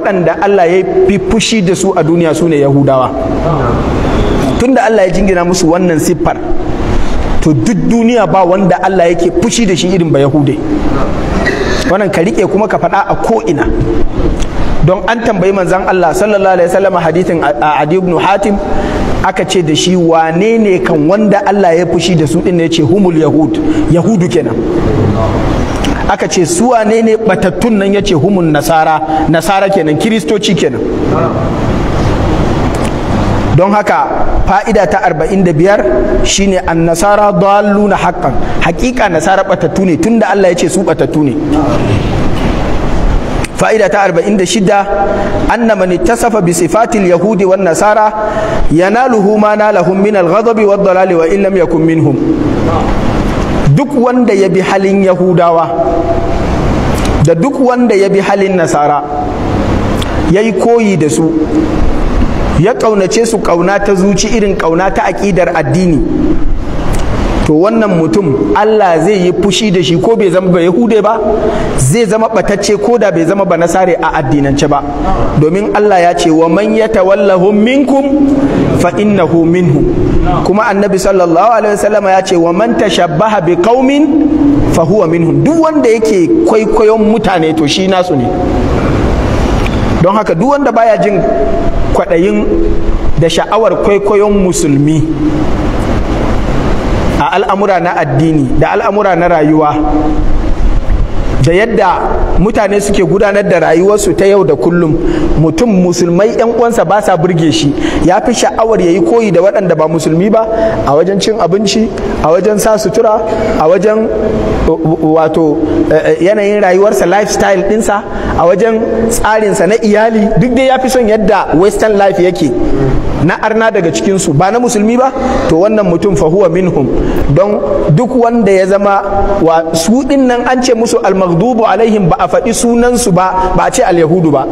waɗanda Allah ya fi fushi da su a duniya su ne yahudawa tunda Allah ya jingina musu wannan siffar to duk duniya ba wanda Allah yake fushi da shi irin ba yahude wannan ka riƙe kuma ka faɗa a ko'ina don an tambayi manzan Allah sallallahu alaihi wasallam hadithin Adi ibn Hatim aka ce da shi wane ne kan wanda Allah ya fushi da su ɗin ne ce humul yahudu kenan aka ce su wane ne batattun nan yace humun nasara nasara kenan kiristoci kenan don haka fa'ida ta 45 shine an nasara na haqqan Haƙiƙa nasara batattu ne tunda Allah ya ce su batattu ne fa'ida ta 46 anna man ittasafa bi sifatil yahudi wan nasara yanaluhu ma nalahum min al-ghadabi wad-dalali wa illam yakun minhum duk wanda ya bi halin yahudawa da duk wanda ya bi halin nasara ya yi koyi da su ya ƙaunace su ƙauna ta zuci irin ƙauna ta aƙidar addini to wannan mutum Allah zai yi fushi da shi ko bai zama ba yahude ba zai zama batacce ko da bai zama ba nasare a addinance ba domin Allah ya ce wa man yatawallahum minkum fa innahu minhum kuma annabi sallallahu alaihi wasallam ya ce wa man tashabbaha bi qaumin fa huwa minhum duk wanda yake kwaikwayon mutane to shi nasu ne don haka duk wanda baya jin kwaɗayin da sha'awar kwaikwayon musulmi al'amura na addini da al'amura na rayuwa da yadda mutane suke gudanar da rayuwarsu ta yau da kullum mutum musulmai yan uwansa ba sa burge shi ya fi sha'awar ya yi koyi da waɗanda ba musulmi ba a wajen cin abinci a wajen sa sutura a wajen uh, uh, wato uh, yanayin rayuwarsa lifestyle ɗinsa a wajen tsarinsa na iyali duk dai ya fi son yadda western life yake na arna daga cikinsu ba na musulmi ba to wannan mutum fahuwa minhum don duk wanda ya zama wa su nan an ce musu almaghrib maghdubu alaihim ba a faɗi sunansu ba ba a ce al'yahudu ba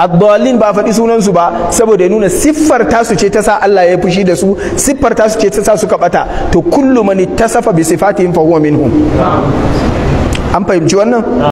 ad ba a faɗi sunansu ba saboda ya nuna siffar tasu ce ta sa Allah ya fushi da su siffar tasu ce ta sa suka bata to kullu man ta bi sifatihim fa huwa minhum an fahimci wannan